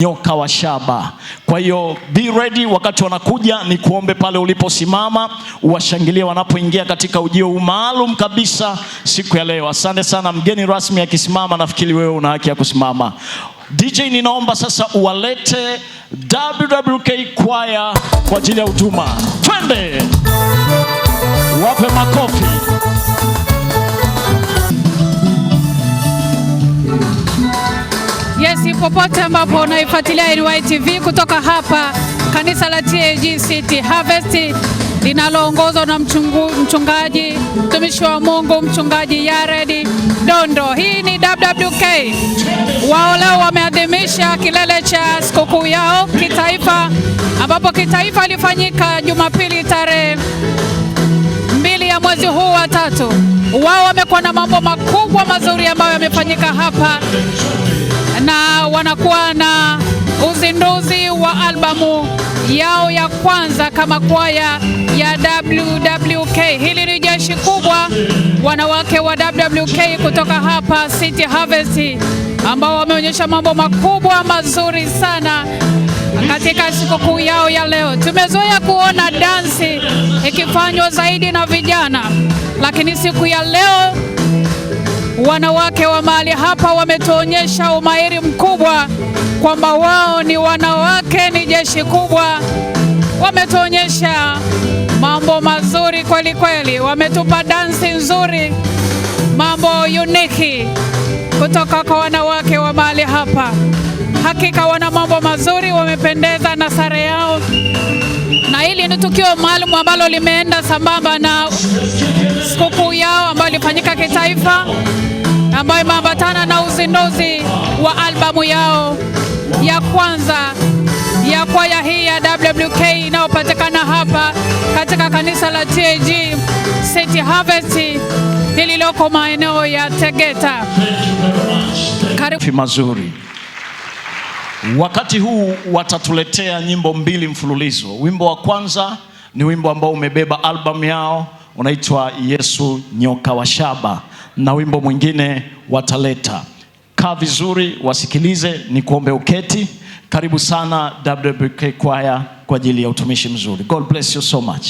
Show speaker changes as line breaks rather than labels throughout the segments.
nyoka wa shaba. Kwa hiyo be ready, wakati wanakuja ni kuombe pale uliposimama, uwashangilie wanapoingia katika ujio huu maalum kabisa siku ya leo. Asante sana. Mgeni rasmi akisimama, nafikiri wewe una haki ya kusimama. DJ, ninaomba sasa uwalete WWK kwaya kwa ajili ya huduma. Twende, wape makofi.
basi popote ambapo unaifuatilia NY TV kutoka hapa kanisa la TAG City Harvest linaloongozwa na mchungu, mchungaji mtumishi wa Mungu mchungaji Yared Dondo. Hii ni WWK wao leo wameadhimisha kilele cha sikukuu yao kitaifa, ambapo kitaifa ilifanyika Jumapili tarehe ya mwezi huu wa tatu, wao wamekuwa na mambo makubwa mazuri ambayo yamefanyika hapa, na wanakuwa na uzinduzi wa albamu yao ya kwanza kama kwaya ya WWK. Hili ni jeshi kubwa, wanawake wa WWK kutoka hapa City Harvest, ambao wameonyesha mambo makubwa mazuri sana katika sikukuu yao ya leo. Tumezoea kuona dansi ikifanywa zaidi na vijana sana, lakini siku ya leo wanawake wa mahali hapa wametuonyesha umahiri mkubwa kwamba wao ni wanawake, ni jeshi kubwa. Wametuonyesha mambo mazuri kweli kweli, wametupa dansi nzuri, mambo uniki kutoka kwa wanawake wa mahali hapa hakika wana mambo mazuri, wamependeza na sare yao, na hili ni tukio maalum ambalo limeenda sambamba na sikukuu yao ambayo ilifanyika kitaifa, ambayo imeambatana na uzinduzi wa albamu yao ya kwanza ya kwaya hii ya WWK inayopatikana hapa katika kanisa la TAG City Harvest lililoko maeneo ya Tegeta.
Karibu mazuri Wakati huu watatuletea nyimbo mbili mfululizo. Wimbo wa kwanza ni wimbo ambao umebeba albamu yao unaitwa Yesu Nyoka wa Shaba, na wimbo mwingine wataleta. Kaa vizuri, wasikilize. Ni kuombe uketi. Karibu sana WBK Choir kwa ajili ya utumishi mzuri. God bless you so much.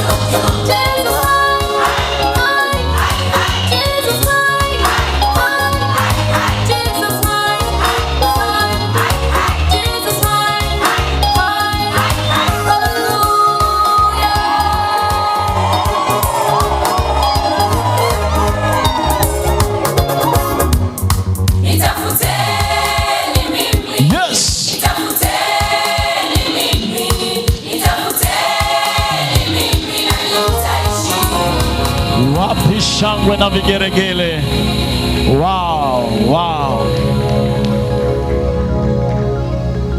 come not don't,
na vigeregele. Wow, wow.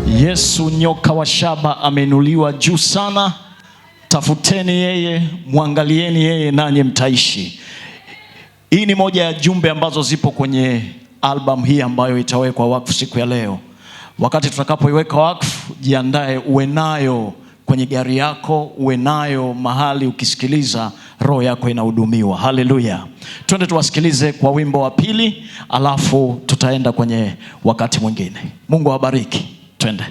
Yesu nyoka wa shaba ameinuliwa juu sana. Tafuteni yeye, mwangalieni yeye, nanye mtaishi. Hii ni moja ya jumbe ambazo zipo kwenye albamu hii ambayo itawekwa wakfu siku ya leo. Wakati tutakapoiweka wakfu, jiandae, uwe nayo kwenye gari yako, uwe nayo mahali ukisikiliza roho yako inahudumiwa. Haleluya, twende tuwasikilize kwa wimbo wa pili, alafu tutaenda kwenye wakati mwingine. Mungu awabariki, twende.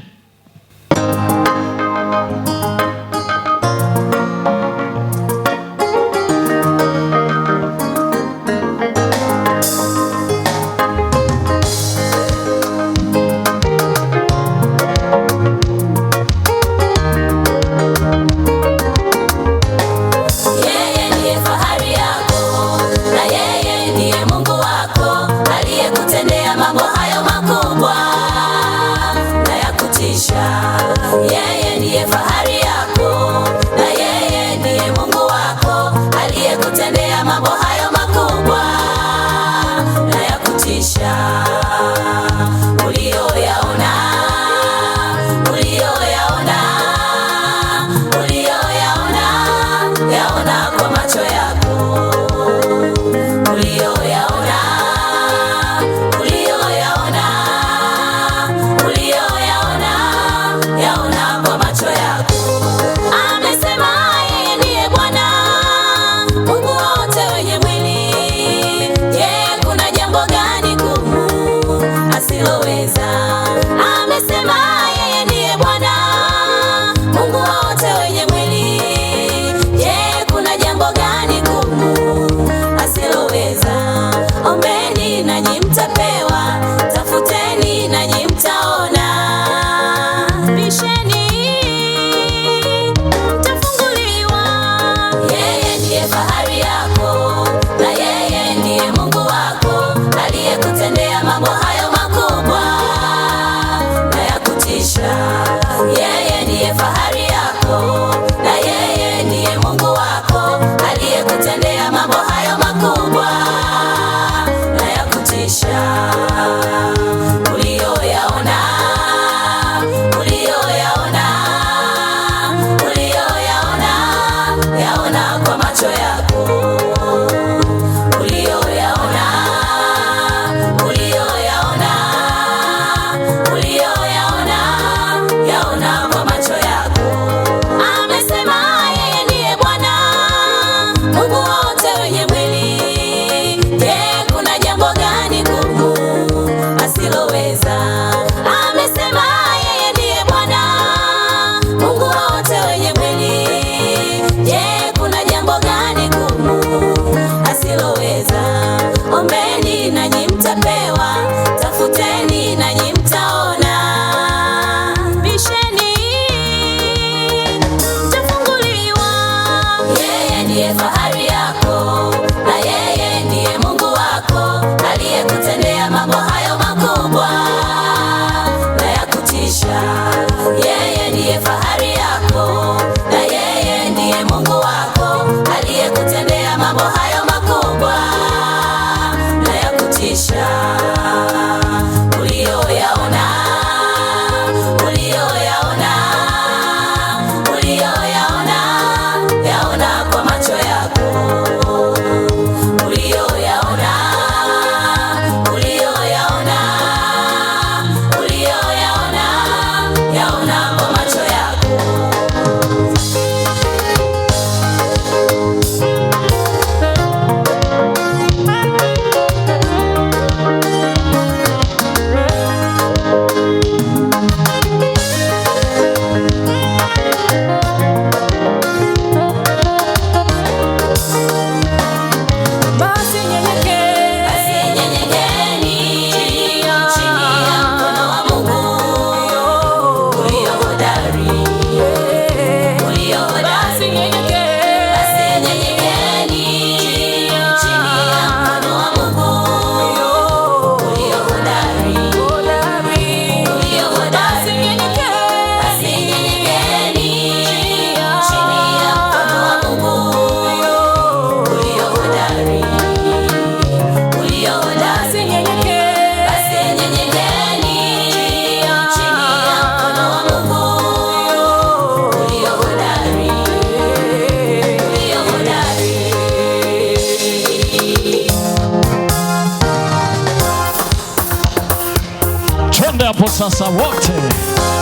sasa wote.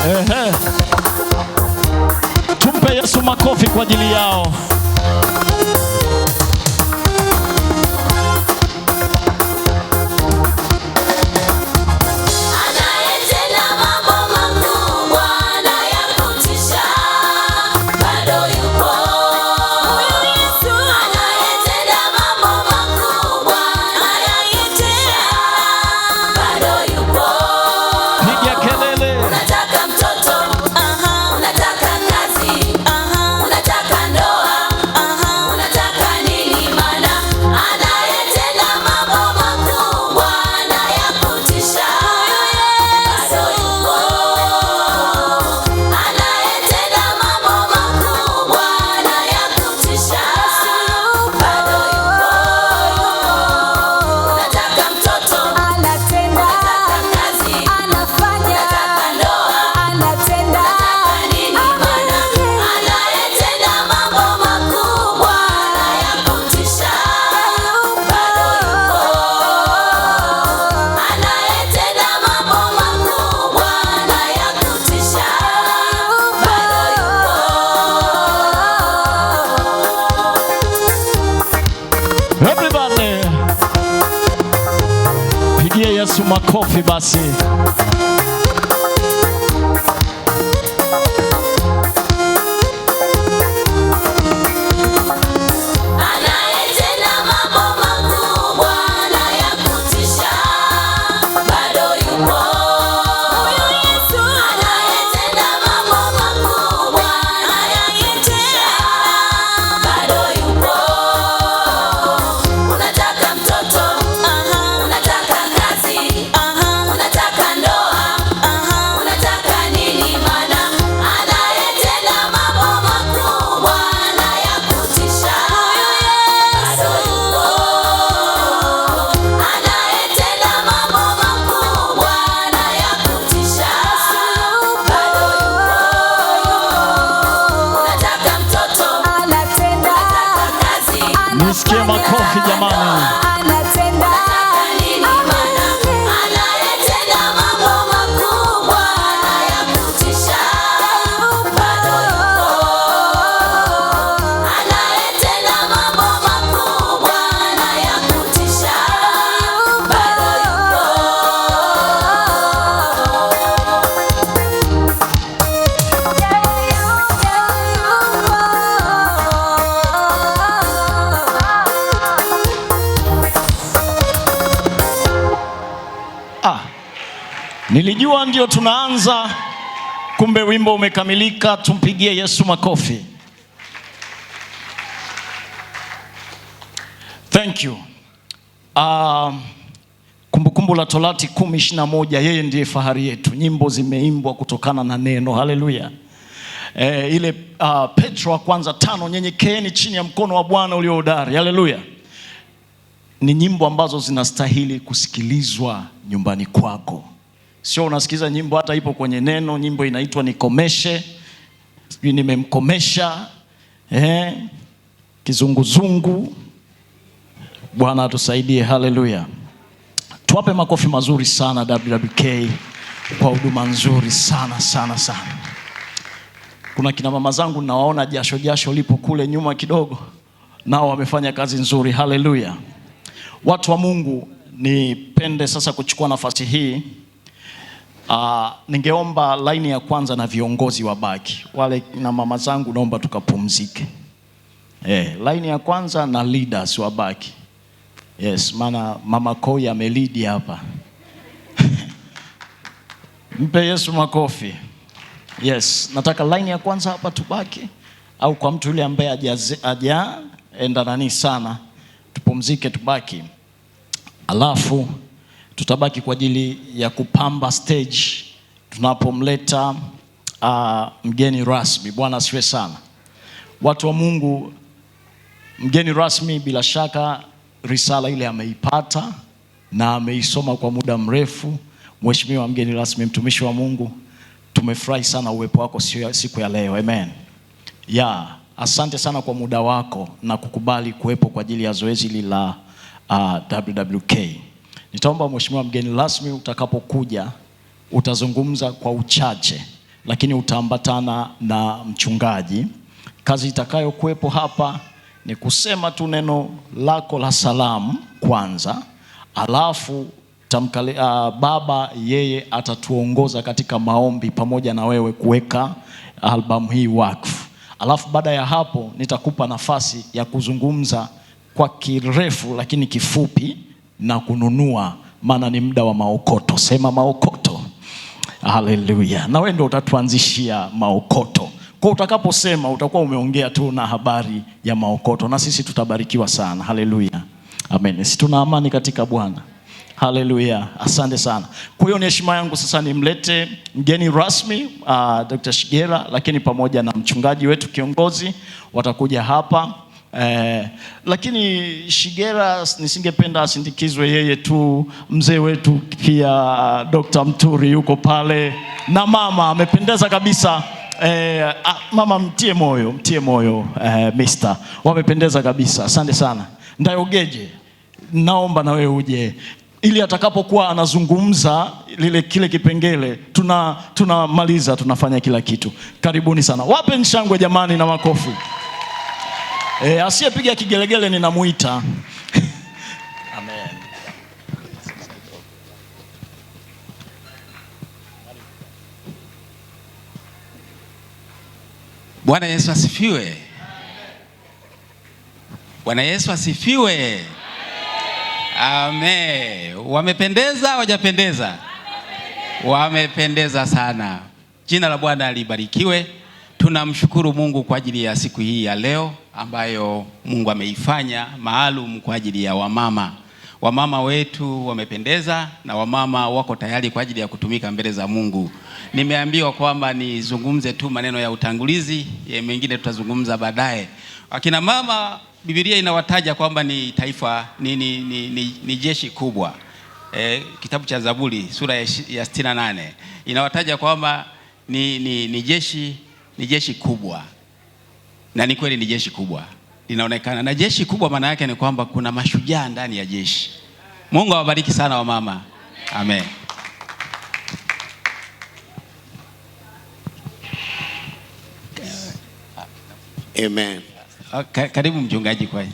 Ehe, tumpe Yesu makofi kwa ajili yao. Nilijua ndio tunaanza, kumbe wimbo umekamilika. Tumpigie Yesu makofi. Thank you. Uh, Kumbukumbu la Torati 10:21, yeye ndiye fahari yetu. Nyimbo zimeimbwa kutokana na neno. Haleluya. E, ile uh, Petro wa kwanza tano, nyenyekeeni chini ya mkono wa Bwana ulio hodari. Haleluya. Ni nyimbo ambazo zinastahili kusikilizwa nyumbani kwako sio unasikiza nyimbo, hata ipo kwenye neno. Nyimbo inaitwa nikomeshe, sijui nimemkomesha, eh, kizunguzungu. Bwana atusaidie, haleluya. Tuwape makofi mazuri sana WWK kwa huduma nzuri sana sana sana. Kuna kina mama zangu nawaona jasho jasho lipo kule nyuma kidogo, nao wamefanya kazi nzuri. Haleluya, watu wa Mungu, nipende sasa kuchukua nafasi hii Uh, ningeomba laini ya kwanza na viongozi wa baki wale na mama zangu, naomba tukapumzike. Eh, laini ya kwanza na leaders wa baki. Yes, maana mama Koi amelidi hapa mpe Yesu makofi. Yes, nataka laini ya kwanza hapa tubaki, au kwa mtu yule ambaye hajaenda nani sana, tupumzike, tubaki alafu tutabaki kwa ajili ya kupamba stage tunapomleta uh, mgeni rasmi. Bwana asifiwe sana, watu wa Mungu. Mgeni rasmi, bila shaka risala ile ameipata na ameisoma kwa muda mrefu. Mheshimiwa mgeni rasmi, mtumishi wa Mungu, tumefurahi sana uwepo wako siku ya leo. Amen ya yeah. Asante sana kwa muda wako na kukubali kuwepo kwa ajili ya zoezi hili la uh, ah, WWK. Nitaomba mheshimiwa mgeni rasmi utakapokuja utazungumza kwa uchache, lakini utaambatana na mchungaji. Kazi itakayokuwepo hapa ni kusema tu neno lako la salamu kwanza, alafu tamkale, uh, baba yeye atatuongoza katika maombi pamoja na wewe kuweka albamu hii wakfu, alafu baada ya hapo nitakupa nafasi ya kuzungumza kwa kirefu lakini kifupi na kununua, maana ni muda wa maokoto. Sema maokoto, haleluya! Na wewe ndio utatuanzishia maokoto. Kwa utakaposema utakuwa umeongea tu na habari ya maokoto, na sisi tutabarikiwa sana. Haleluya, amen. Si tuna amani katika Bwana? Haleluya, asante sana. Kwa hiyo ni heshima yangu sasa nimlete mgeni rasmi uh, Dr. shigera lakini pamoja na mchungaji wetu kiongozi watakuja hapa Eh, lakini Shigera nisingependa asindikizwe yeye tu, mzee wetu pia Dr. Mturi yuko pale na mama amependeza kabisa. Eh, ah, mama mtie moyo, mtie moyo eh, mister wamependeza kabisa, asante sana. Ndayogeje, naomba na wewe uje ili atakapokuwa anazungumza lile kile kipengele tunamaliza, tunafanya kila kitu. Karibuni sana, wape nshangwe jamani na makofi. Eh, asiyepiga kigelegele ninamuita. Amen. Bwana Yesu asifiwe. Bwana Yesu asifiwe. Amen. Wamependeza wajapendeza? Wamependeza sana. Jina la Bwana libarikiwe. Tunamshukuru Mungu kwa ajili ya siku hii ya leo ambayo Mungu ameifanya maalum kwa ajili ya wamama. Wamama wetu wamependeza na wamama wako tayari kwa ajili ya kutumika mbele za Mungu. Nimeambiwa kwamba nizungumze tu maneno ya utangulizi, eh, mengine tutazungumza baadaye. Akina mama, Biblia inawataja kwamba ni taifa ni, ni, ni, ni, ni jeshi kubwa. E, kitabu cha Zaburi sura ya 68 inawataja kwamba ni, ni, ni jeshi ni jeshi kubwa na ni kweli ni jeshi kubwa linaonekana, na jeshi kubwa maana yake ni kwamba kuna mashujaa ndani ya jeshi. Mungu awabariki sana wamama, amen. Amen. Okay, ah, karibu mchungaji kwa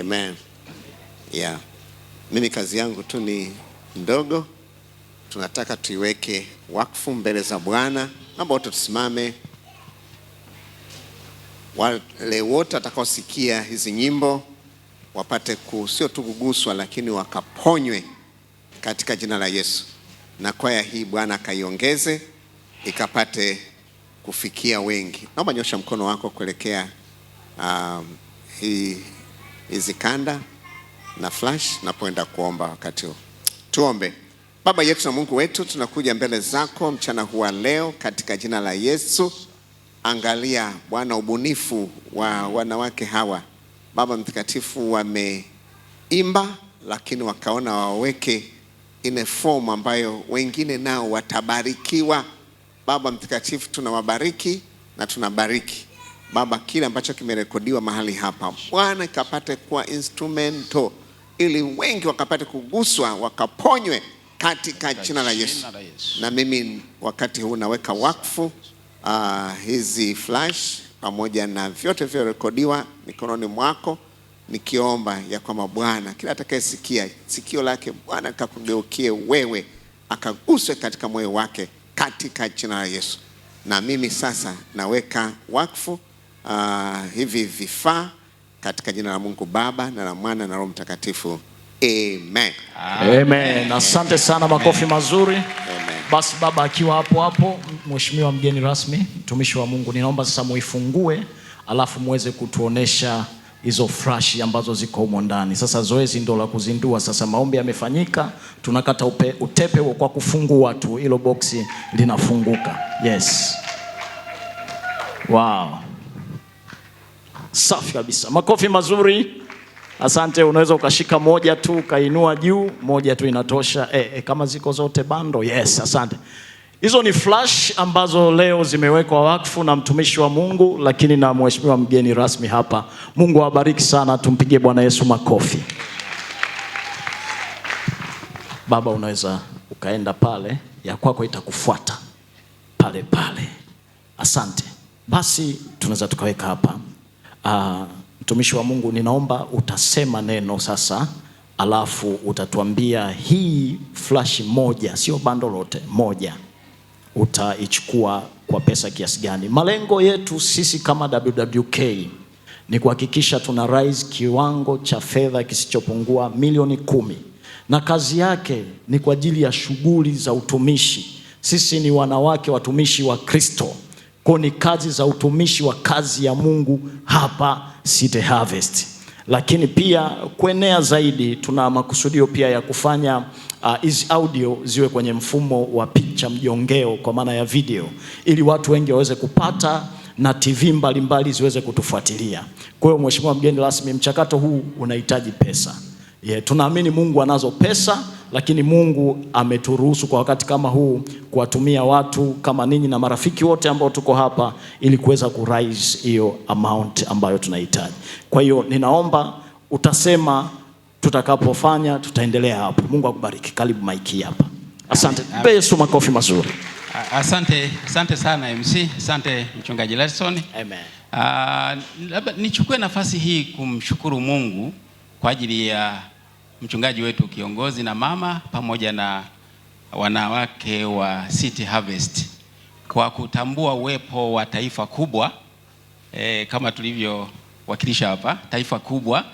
Amen. Yeah. Mimi kazi yangu tu ni ndogo, tunataka tuiweke wakfu mbele za Bwana. Naomba wote tusimame wale wote watakaosikia hizi nyimbo wapate sio tu kuguswa, lakini wakaponywe katika jina la Yesu, na kwaya hii Bwana akaiongeze ikapate kufikia wengi. Naomba nyosha mkono wako kuelekea um, hii hizi kanda na flash napoenda kuomba. Wakati huo tuombe. Baba yetu na Mungu wetu, tunakuja mbele zako mchana huu wa leo katika jina la Yesu angalia Bwana ubunifu wa wanawake hawa. Baba Mtakatifu wameimba, lakini wakaona waweke ile fomu ambayo wengine nao watabarikiwa. Baba Mtakatifu, tunawabariki na tunabariki Baba kile ambacho kimerekodiwa mahali hapa, Bwana ikapate kuwa instrumento ili wengi wakapate kuguswa wakaponywe katika jina la Yesu. Na mimi wakati huu naweka wakfu uh, hizi flash pamoja na vyote vyorekodiwa mikononi mwako, nikiomba ya kwamba Bwana kila atakayesikia sikio lake Bwana kakugeukie wewe, akaguswe katika moyo wake katika jina la Yesu. Na mimi sasa naweka wakfu uh, hivi vifaa katika jina la Mungu Baba na la Mwana na Roho Mtakatifu. Amen.
Amen. Asante sana, makofi mazuri. Amen. Basi baba akiwa hapo hapo, mheshimiwa mgeni rasmi, mtumishi wa Mungu, ninaomba sasa muifungue, alafu muweze kutuonesha hizo flash ambazo ziko humo ndani. Sasa zoezi ndio la kuzindua. Sasa maombi yamefanyika, tunakata upe, utepe kwa kufungua tu, hilo boksi linafunguka. Yes, wow, safi kabisa, makofi mazuri. Asante, unaweza ukashika moja tu ukainua juu, moja tu inatosha. E, e, kama ziko zote bando. Yes, asante. Hizo ni flash ambazo leo zimewekwa wakfu na mtumishi wa Mungu, lakini na mheshimiwa mgeni rasmi hapa. Mungu awabariki sana, tumpigie Bwana Yesu makofi. Baba, unaweza ukaenda pale, ya kwako itakufuata pale pale. Asante. Basi tunaweza tukaweka hapa. Uh, Mtumishi wa Mungu, ninaomba utasema neno sasa, alafu utatuambia hii flash moja, sio bando lote, moja utaichukua kwa pesa kiasi gani? Malengo yetu sisi kama WWK ni kuhakikisha tuna raise kiwango cha fedha kisichopungua milioni kumi, na kazi yake ni kwa ajili ya shughuli za utumishi. Sisi ni wanawake watumishi wa Kristo. Kwa ni kazi za utumishi wa kazi ya Mungu hapa City Harvest, lakini pia kuenea zaidi, tuna makusudio pia ya kufanya hizi uh, audio ziwe kwenye mfumo wa picha mjongeo, kwa maana ya video, ili watu wengi waweze kupata na TV mbalimbali ziweze kutufuatilia. Kwa hiyo, mheshimiwa mgeni rasmi, mchakato huu unahitaji pesa. Yeah, tunaamini Mungu anazo pesa lakini Mungu ameturuhusu kwa wakati kama huu kuwatumia watu kama ninyi na marafiki wote ambao tuko hapa ili kuweza kurais hiyo amount ambayo tunahitaji. Kwa hiyo ninaomba utasema tutakapofanya, tutaendelea hapo. Mungu akubariki. Karibu maiki hapa. Asante Yesu makofi mazuri.
Asante, asante sana MC, asante mchungaji Larson.
Amen. Uh,
labda nichukue nafasi hii kumshukuru Mungu kwa ajili ya mchungaji wetu kiongozi na mama pamoja na wanawake wa City Harvest kwa kutambua uwepo wa taifa kubwa e, kama tulivyowakilisha hapa taifa kubwa,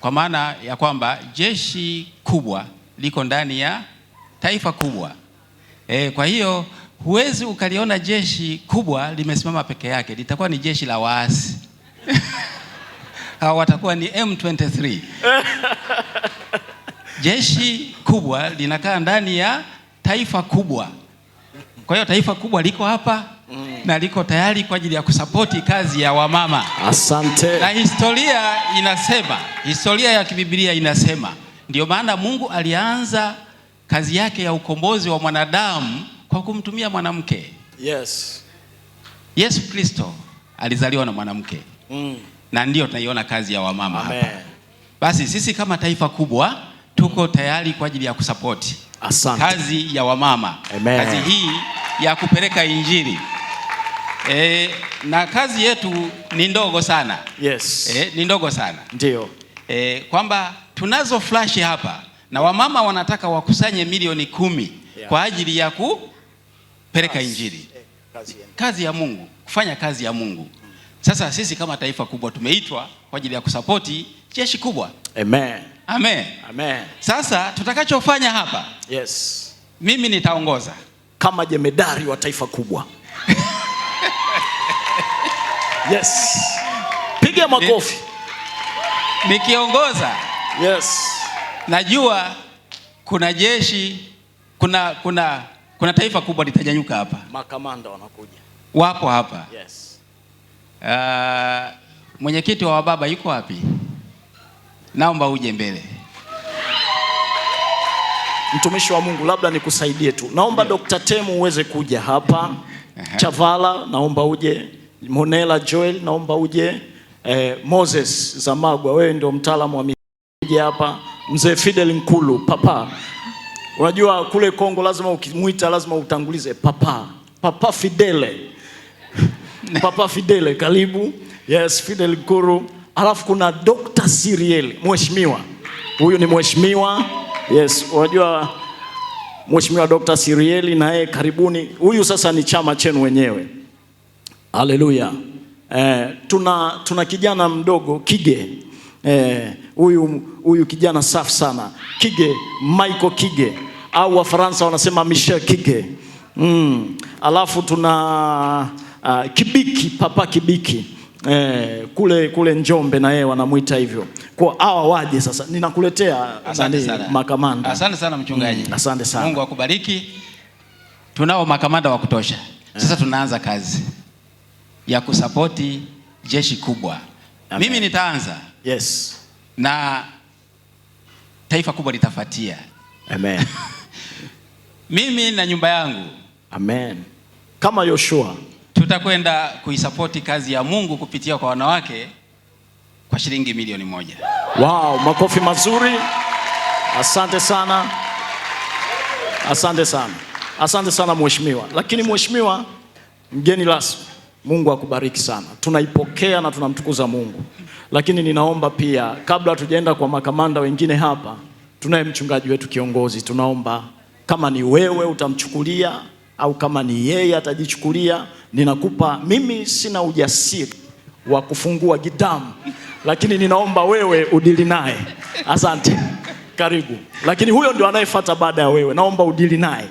kwa maana ya kwamba jeshi kubwa liko ndani ya taifa kubwa e, kwa hiyo huwezi ukaliona jeshi kubwa limesimama peke yake, litakuwa ni jeshi la waasi hawa watakuwa ni M23 jeshi kubwa linakaa ndani ya taifa kubwa. Kwa hiyo taifa kubwa liko hapa mm, na liko tayari kwa ajili ya kusapoti kazi ya wamama.
Asante.
Na historia inasema, historia ya kibibilia inasema, ndio maana Mungu alianza kazi yake ya ukombozi wa mwanadamu kwa kumtumia mwanamke.
Yes.
Yesu Kristo alizaliwa na mwanamke mm, na ndiyo tunaiona kazi ya wamama Hapa basi sisi kama taifa kubwa tuko tayari kwa ajili ya kusapoti kazi ya wamama Amen. Kazi hii ya kupeleka injili e, na kazi yetu ni ndogo sana yes. E, ni ndogo sana ndio e, kwamba tunazo flash hapa na wamama wanataka wakusanye milioni kumi yeah. kwa ajili ya kupeleka injili eh, kazi, kazi ya Mungu kufanya kazi ya Mungu. Sasa sisi kama taifa kubwa tumeitwa kwa ajili ya kusapoti jeshi kubwa Amen. Amen. Amen. Sasa tutakachofanya hapa
yes.
Mimi nitaongoza
kama jemedari wa taifa kubwa yes. Piga makofi.
Nikiongoza yes. Najua kuna jeshi kuna, kuna, kuna taifa kubwa litanyanyuka hapa.
Makamanda wanakuja.
Wapo hapa yes. Uh, mwenyekiti wa wababa yuko wapi? naomba uje mbele.
Mtumishi wa Mungu, labda nikusaidie tu, naomba Dr. Temu uweze kuja hapa. uh-huh. Chavala naomba uje, Monela Joel naomba uje, eh, Moses Zamagwa, wewe ndio mtaalamu wa miji hapa, mzee Fidel Nkulu papa. Unajua kule Kongo lazima ukimwita lazima utangulize papa, papa Fidele, papa Fidele, karibu. Yes, Fidel Nkulu alafu kuna Dr. Siriel, mheshimiwa huyu ni mheshimiwa. Yes, unajua mheshimiwa Dr. Siriel na yeye karibuni. Huyu sasa ni chama chenu wenyewe. Haleluya. Eh, tuna, tuna kijana mdogo Kige eh, huyu eh, huyu kijana safi sana Kige, Michael Kige au Wafaransa wanasema Michel Kige mm. Alafu tuna uh, Kibiki, Papa Kibiki Eh, kule kule Njombe na yeye wanamwita hivyo. Kwa hawa waje sasa, ninakuletea asante sana makamanda.
Asante sana mchungaji. Mm, asante sana. Mungu akubariki. Tunao makamanda wa kutosha. Eh. Sasa tunaanza kazi ya kusapoti jeshi kubwa. Amen. Mimi nitaanza. Yes. Na taifa kubwa litafuatia. Amen. Mimi na nyumba yangu.
Amen. Kama Yoshua
tutakwenda kuisapoti kazi ya Mungu kupitia kwa wanawake kwa shilingi milioni moja.
Wow, makofi mazuri. Asante sana, asante sana, asante sana mheshimiwa. Lakini mheshimiwa mgeni rasmi, Mungu akubariki sana, tunaipokea na tunamtukuza Mungu. Lakini ninaomba pia, kabla tujaenda kwa makamanda wengine hapa, tunaye mchungaji wetu kiongozi, tunaomba kama ni wewe utamchukulia au kama ni yeye atajichukulia, ninakupa mimi. Sina ujasiri wa kufungua gitamu, lakini ninaomba wewe udili naye. Asante, karibu. Lakini huyo ndio anayefuata baada ya wewe, naomba udili naye.